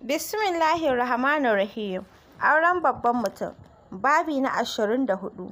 Bismillahirrahmanirrahim. Auren babban mutum. Babi na ashirin da hudu.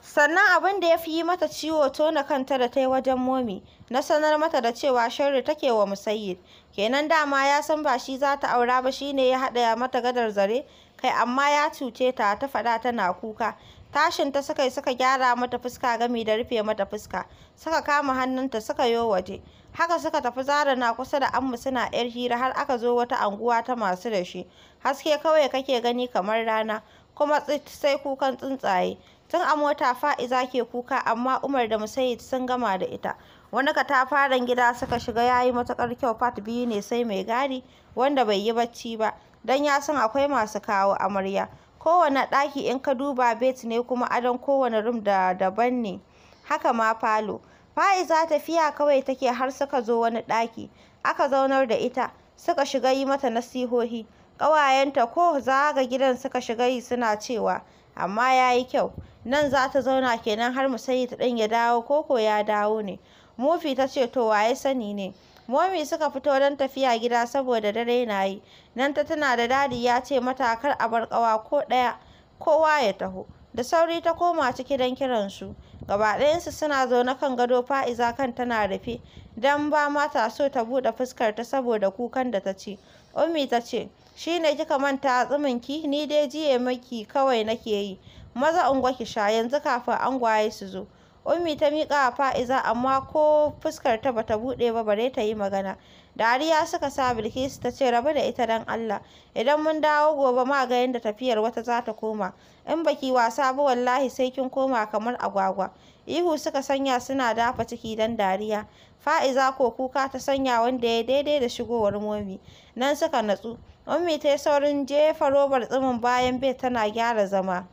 Sannan abin da ya fi yi mata ciwo tona kanta da ta yi wajen momi, na sanar mata da cewa sharri take wa musayyid. Kenan dama ya san ba shi za ta aura ba shi ne ya haɗa mata gadar zare, kai amma ya cuce ta ta faɗa tana kuka. tashin ta suka yi suka gyara mata fuska gami da rufe mata fuska suka kama hannunta suka yo waje haka suka tafi zara na kusa da amma suna yar hira har aka zo wata anguwa ta masu da shi haske kawai kake gani kamar rana kuma sai kukan tsuntsaye tun a mota fa'iza ke kuka amma umar da musayid sun gama da ita wani katafaren gida suka shiga ya yi matuƙar kyau fat biyu ne sai mai gadi wanda bai yi bacci ba don ya san akwai masu kawo amarya kowane ɗaki in ka duba bet ne kuma adon kowane room da daban ne haka ma falo fa'iza tafiya kawai take har suka zo wani ɗaki aka zaunar da ita suka shiga yi mata nasihohi ƙawayenta ko ga gidan suka shiga yi suna cewa amma ya yi kyau nan za ta zauna kenan har mu ta ɗin ya dawo koko ya dawo ne Mufi ta ce to waye sani ne Momi suka fito don tafiya gida saboda dare na yi. Nan ta tuna da dadi ya ce mata kar a bar ƙawa ko ɗaya, kowa ya taho. Da sauri ta koma ciki don kiransu. Gaba ɗayansu suna zaune kan gado fa'iza kan tana rufe, don ba mata so ta buɗe ta saboda kukan da ta ce. Ummi ta ce, shi ne kika manta tsiminki, ni dai jiye maki kawai nake yi. Maza unguwa ki sha yanzu kafin angwaye su zo. Ummi ta miƙa wa Fa'iza amma ko fuskar ta bata buɗe ba bare ta yi magana. Dariya suka sa Bilkisu ta ce rabu da ita don Allah. Idan mun dawo gobe ma ga yadda tafiyar wata za ta koma. In baki wasa ba wallahi sai kin koma kamar agwagwa. Ihu suka sanya suna dafa ciki don dariya. Fa'iza ko kuka ta sanya wanda ya daidai da shigowar momi. Nan suka natsu. Ummi ta yi saurin jefa robar tsimin bayan bai tana gyara zama.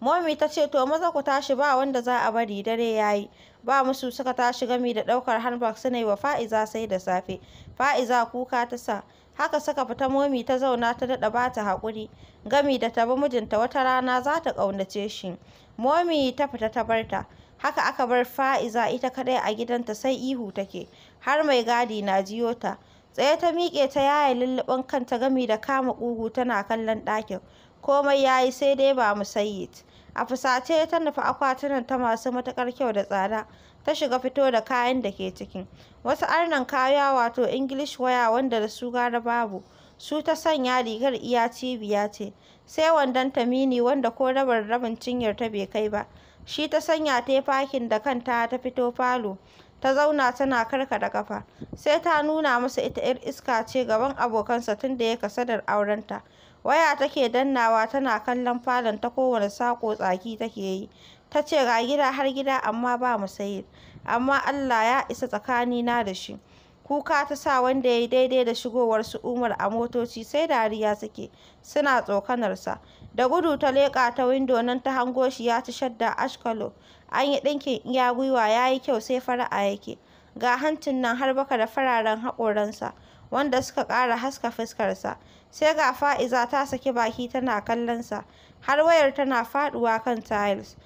Momi ta ce to maza ku tashi ba wanda za a bari dare ya yi. Ba musu suka tashi gami da ɗaukar handbag suna yi wa Fa'iza sai da safe. Fa'iza kuka ta sa. Haka suka fita momi ta zauna ta daɗa ba ta haƙuri. Gami da ta bi mijinta wata rana za ta ƙaunace shi. Momi ta fita ta bar ta. Haka aka bar Fa'iza ita kaɗai a gidanta sai ihu take. Har mai gadi na jiyo ta. Tsaye ta miƙe ta yaye lulluɓin kanta gami da kama ƙugu tana kallon ɗakin. komai ya yi sai dai ba mu sayi a fusace ta nufi akwatunan ta masu matuƙar kyau da tsada ta shiga fito da kayan da ke cikin wasu arnan kaya wato english waya wanda da su gara babu su ta sanya rigar iya cibiya ce sai wandon ta mini wanda ko rabar rabin cinyar ta bai kai ba shi ta sanya ta fakin da kanta ta fito falo ta zauna tana karka da kafa sai ta nuna masa ita 'yar iska ce gaban abokansa tun da ya kasadar aurenta waya take dannawa tana kallon falon ta kowane saƙo tsaki take yi ta ce ga gida har gida amma ba mu sayi. amma Allah ya isa tsakanina da shi kuka ta sa wanda ya yi daidai da shigowar su umar a motoci sai dariya suke suna tsokanarsa da gudu ta leƙa ta windo nan ta hango shi ya ci shadda ashkalo an yi ɗinkin iya gwiwa ya yi kyau sai fara'a yake ga hancin nan har baka da fararen haƙoransa wanda suka ƙara haska fuskarsa sai ga fa'iza ta saki baki tana kallon sa har wayar tana faɗuwa kan tiles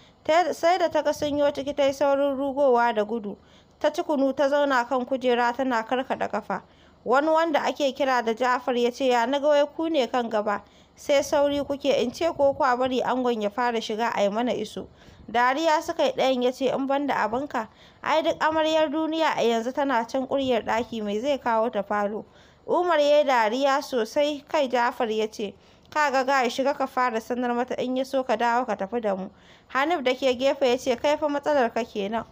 sai da ta ga sun ciki ta yi saurin rugowa da gudu ta ci kunu ta zauna kan kujera tana karkaɗa ƙafa wani wanda ake kira da jafar ya ce ya naga wai ku ne kan gaba sai sauri kuke in ce ko kwa bari angon ya fara shiga a yi mana iso dariya suka yi ɗayan ya ce in ban da abinka ai duk amaryar duniya a yanzu tana can ƙuryar ɗaki mai zai kawo ta falo umar ya yi dariya sosai kai jafar ya ce ka ga ga shiga ka fara sanar mata in ya so ka dawo ka tafi da mu hanif da ke gefe ya ce kai fa matsalar ka kenan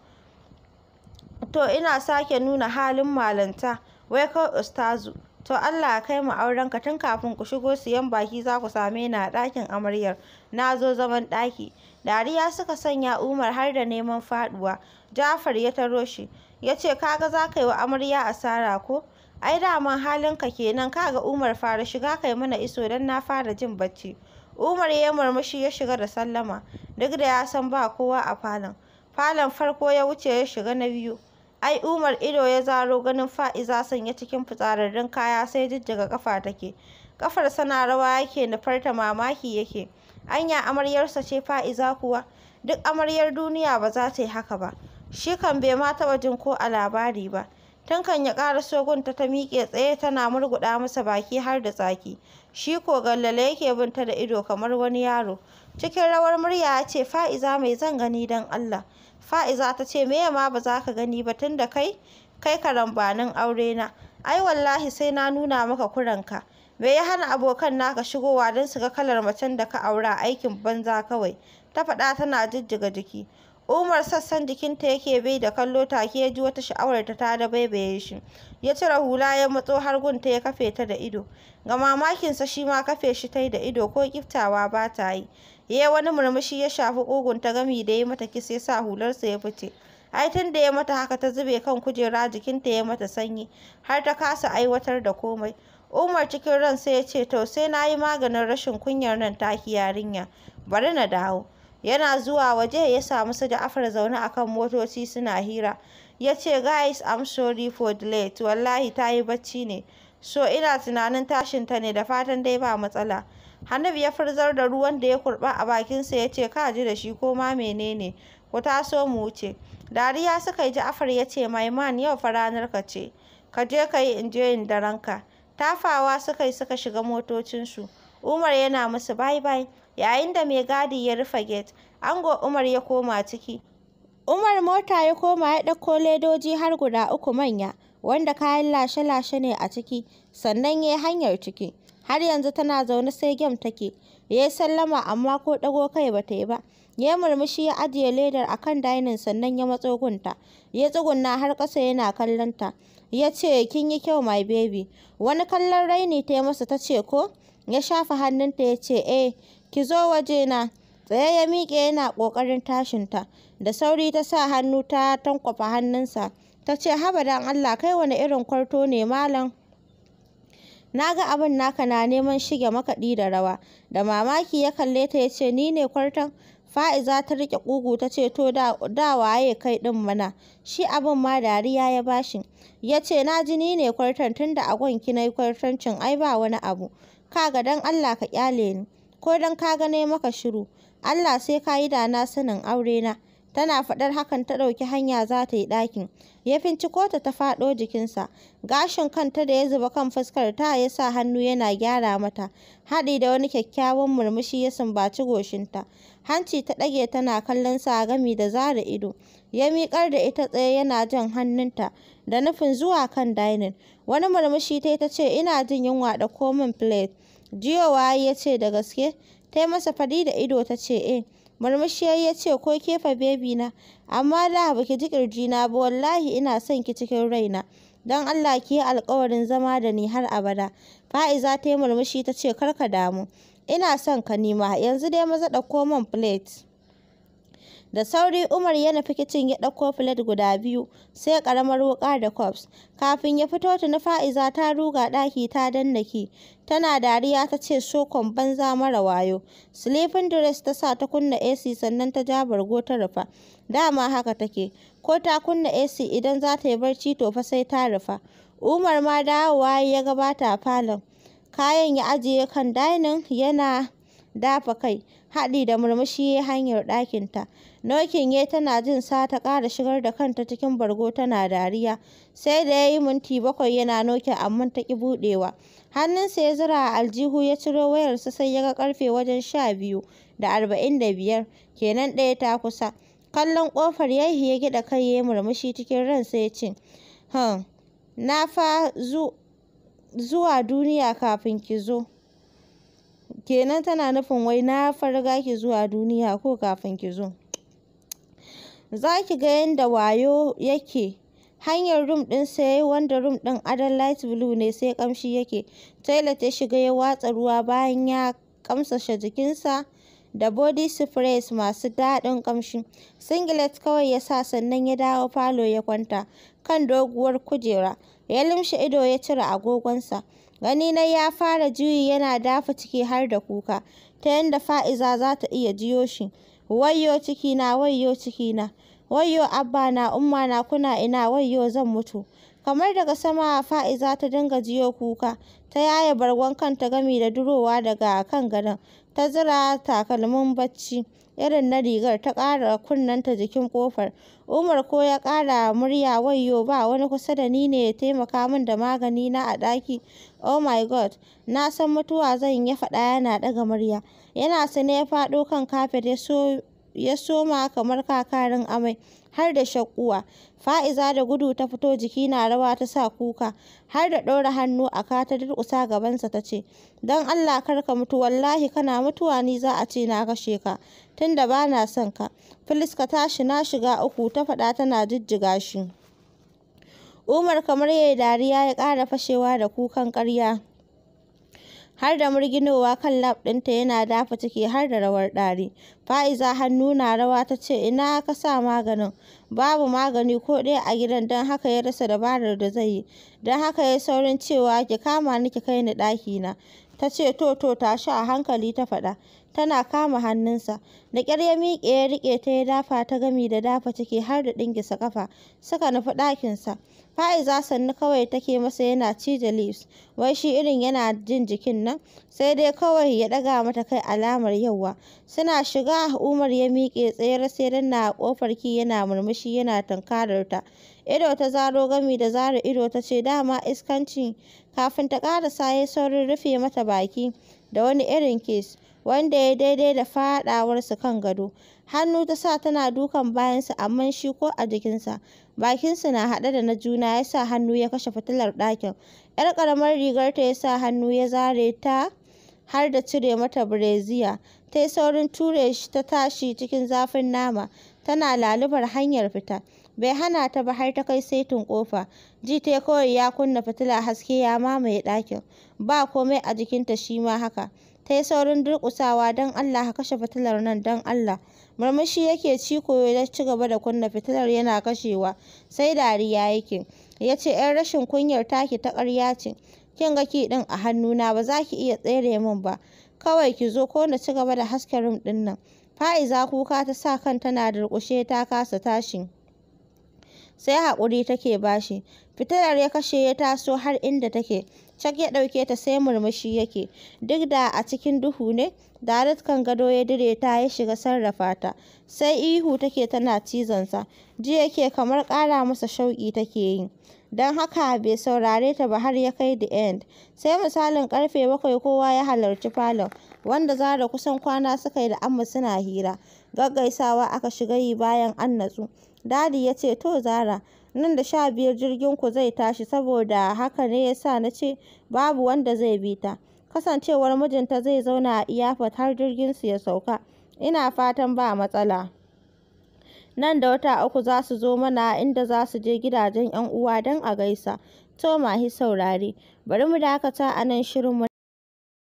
to ina sake nuna halin malanta wai kai ustazu To Allah kai mu auren ka tun kafin ku shigo siyan baki za ku same ni a ɗakin amaryar. Na zo zaman ɗaki. Dariya suka sanya Umar har da neman faɗuwa. Jafar ya taro shi. Ya ce kaga za ka yi wa amarya asara ko? Ai daman halinka kenan kaga Umar fara shiga kai mana iso don na fara jin bacci. Umar ya murmushi ya shiga da sallama duk da ya san ba kowa a falon. Falon farko ya wuce ya shiga na biyu. Ai Umar ido ya zaro ganin Fa'iza sanye cikin fitsararrun kaya sai jijjiga kafa take. Kafar sana rawa yake nufarta mamaki yake. Anya amaryarsa ce Fa'iza kuwa? Duk amaryar duniya ba za ta yi haka ba. Shi kan bai ma taɓa jin ko a labari ba. Tun kan ya ƙara sogunta ta miƙe tsaye tana murguɗa masa baki har da tsaki. Shi ko gallale yake binta da ido kamar wani yaro. Cikin rawar murya ya ce, Fa'iza mai zan gani don Allah. Fa'iza ta ce me ma ba za ka gani ba tun da kai kai karambanin aure na ai wallahi sai na nuna maka kuranka me ya hana abokan naka shigowa don su ga kalar macen da ka aura aikin banza kawai ta faɗa tana jijjiga jiki Umar sassan jikinta yake bai da kallo take ya ji wata sha'awar ta ta da baibaye shi. Ya cire hula ya matso har gunta ya kafe ta da ido. Ga mamakinsa shi ma kafe shi ta da ido ko kiftawa ba ta yi. ya wani murmushi ya shafi ƙugun ta gami da ya mata kisa ya sa hularsa ya fice ai tun da ya mata haka ta zube kan kujera jikinta ya mata sanyi har ta kasa aiwatar da komai umar cikin ran sai ya ce to sai na yi maganin rashin kunyar nan taki yarinya bari na dawo yana zuwa waje ya samu su da afar zaune a kan motoci suna hira ya ce guys I'm sorry for the late wallahi ta yi bacci ne so ina tunanin tashin ta ne da fatan dai ba matsala Hanif ya furzar da ruwan da ya kurɓa a bakinsa ya ce ka ji da shi ko ma menene ku taso mu wuce. Dariya suka yi Ja'afar ya ce Maiman yau fa ranar ka ce ka je ka yi in je in daranka. Tafawa suka yi suka shiga motocinsu. Umar yana musu bye bye yayin da mai gadi ya rufe gate. Ango Umar ya koma ciki. Umar mota ya koma ya ɗauko ledoji har guda uku manya. wanda kayan lashe-lashe ne a ciki sannan ya yi hanyar ciki har yanzu tana zaune sai gem take ya yi sallama amma ko ɗago kai ba ta yi ba ya murmushi ya ajiye ledar a kan dainin sannan ya matsogunta, ya tsugunna har ƙasa yana kallon ta ya ce kin yi kyau my baby wani kallon raini ta yi masa ta ce ko ya shafa hannunta ya ce eh ki zo wajena tsaye ya miƙe yana ƙoƙarin tashinta da sauri ta sa hannu ta tankwafa hannunsa ta ce haba dan allah kai wani irin kwarto ne malam na ga abin naka na neman shige makaɗi da rawa da mamaki ya kalle ta ya ce ni ne kwarton fa'iza ta riƙe ƙugu ta ce to da waye kai ɗin mana shi abin ma dariya ya bashi ya ce na ji ni ne kwarton tun da agon ki na yi kwartancin ai ba wani abu Ka ga dan allah ka kyale ni ko dan ka ga maka shiru allah sai ka yi da na sanin aure na Tana faɗar hakan ta ɗauki hanya za ta yi ɗakin. Ya finci ta ta faɗo jikinsa. Gashin kanta da ya zuba kan fuskar ta ya sa hannu yana gyara mata. Haɗi da wani kyakkyawan murmushi ya sumbaci goshinta. Hanci ta ɗage tana kallon sa gami da zara ido. Ya miƙar da ita tsaye yana jan hannunta da nufin zuwa kan dainin. Wani murmushi ta ta ce ina jin yunwa da komin plate. Jiyowa ya ce da gaske. Ta yi masa fari da ido ta ce eh. Murmushi ya ya ce, ko kefa bebi na, amma da ba ki ji na ba wallahi ina son ki cikin raina. Don Allah ki yi alƙawarin zama da ni har abada. Fa'iza ta yi murmushi ta ce, kar ka damu. Ina son ka nima, yanzu dai maza ɗauko min plate. Da sauri Umar ya nufi kicin ya ɗauko filet guda biyu, sai ƙaramar wuƙa da kwabs. Kafin ya fito ta na Fa'iza ta ruga ɗaki ta dandaki, Tana dariya ta ce sokon banza mara wayo. Silifin dress ta sa ta kunna AC sannan ta ja bargo ta rufa. Dama haka take, ko ta kunna AC idan za ta yi barci to fa sai ta rufa. Umar ma dawowa ya gabata falon. Kayan ya ajiye kan dining yana dafa kai haɗi da murmushi ya hanyar ɗakinta nokin ya tana jin sa ta ƙara shigar da kanta cikin bargo tana dariya sai da ya yi minti bakwai yana noke amma ta ƙi buɗewa hannunsa ya zira a aljihu ya ciro wayarsa sai ya ga ƙarfe wajen sha biyu da arba'in da biyar kenan ɗaya ta kusa kallon ƙofar yi ya gida kai ya yi murmushi cikin ransa ya ce na fa zuwa duniya kafin ki zo kenan tana nufin wai na farga ki zuwa duniya ko kafin ki zo za ki ga yadda wayo yake hanyar rum ɗin sai wanda rum ɗin adon light blue ne sai kamshi yake toilet ta shiga ya watsa ruwa bayan ya kamsashe jikinsa da body sprays masu daɗin kamshi singlet kawai ya sa sannan ya dawo falo ya kwanta kan doguwar kujera ya limshe ido ya cire agogonsa Gani na ya fara juyi yana dafa ciki har da kuka, ta yadda Fa'iza za ta iya jiyo shi, wayyo cikina, wayyo cikina, wayyo umma na kuna ina, wayyo zan mutu. Kamar daga sama Fa'iza ta dinga jiyo kuka, ta yaye bargon kanta gami da durowa daga kan gadon, ta zira takalmin bacci irin na rigar ta ƙara kunnenta jikin ƙofar. Umar ko ya ƙara murya wayo ba wani kusa da ni ne ya taimaka min da magani na a ɗaki. Oh my God, na san mutuwa zan ya faɗa yana ɗaga murya. Yana sane ya faɗo kan kafet ya so ya soma kamar kakarin amai har da shakkuwa fa'iza da gudu ta fito jiki na rawa ta sa kuka har da ɗora hannu a ka ta durƙusa gabansa ta ce don allah kar ka mutu wallahi kana mutuwa ni za a ce na kashe ka tunda ba na son ka Filiska tashi na shiga uku ta faɗa tana jijjiga shi umar kamar yayi dariya ya ƙara fashewa da kukan ƙarya har da murginowa kan lab ɗinta yana dafa ciki har da rawar ɗari. Fa'iza hannu na rawa ta ce ina ka sa maganin babu magani ko ɗaya a gidan don haka ya rasa dabarar da zai yi don haka ya saurin cewa ki kama ni ki kai ni ɗakina. ta ce to to tashi a hankali ta faɗa tana kama hannunsa da ƙyar ya miƙe ya riƙe ta ya dafa ta gami da dafa ciki har da ɗingisa ƙafa suka nufi ɗakinsa Fa'iza sannu kawai take masa yana da leaves wai shi irin yana jin jikin nan, sai dai kawai ya ɗaga mata kai alamar yauwa. Suna shiga Umar ya miƙe tsayar sai danna kofar ƙofar ki yana murmushi yana tankarar ta. Ido ta zaro gami da zara ido ta ce dama iskanci kafin ta ƙara saye saurin rufe mata baki da wani irin kes wanda ya daidai da faɗawarsu kan gado. hannu ta sa tana dukan bayansa amma shi ko a jikinsa bakinsa na haɗe da na juna ya sa hannu ya kashe fitilar ɗakin yar ƙaramar ta ya sa hannu ya zare ta har da cire mata bireziya ta yi saurin ture shi ta tashi cikin zafin nama tana lalubar hanyar fita bai hana ta ba har ta kai saitin kofa ji ta kawai ya kunna fitila haske ya mamaye ɗakin ba komai a jikinta shi ma haka ta yi saurin durƙusawa don Allah ka kashe fitilar nan don Allah murmushi yake ci koyo ya ci gaba da kunna fitilar yana kashewa sai dariya yake ya ce ‘yan rashin kunyar taki ta ƙarya ce kin ga ki ɗin a hannuna ba za ki iya tsere min ba kawai ki zo ko na ci gaba da hasken rim ɗin nan fa'iza kuka ta sa kan tana durƙushe ta kasa tashin. sai haƙuri take bashi fitilar ya kashe ya taso har inda take cak ya ɗauke ta sai murmushi yake duk da a cikin duhu ne da kan gado ya dire ta ya shiga sarrafa ta sai ihu take tana cizonsa ji yake kamar ƙara masa shauƙi take yi don haka bai saurare ta ba har ya kai the end sai misalin karfe bakwai kowa ya halarci falon wanda zara kusan kwana suka yi da amma suna hira Gaggaisawa aka shiga yi bayan an natsu. Dadi ya ce, To Zara, nan da sha biyar jirgin ku zai tashi saboda haka ne ya sa na ce babu wanda zai bi ta. Kasancewar mijinta zai zauna a iyafat har jirgin su ya sauka. Ina fatan ba matsala. Nan da wata uku za su zo mana inda za su je gidajen 'yan uwa don a gaisa. To mahi saurare, bari mu dakata a nan shirin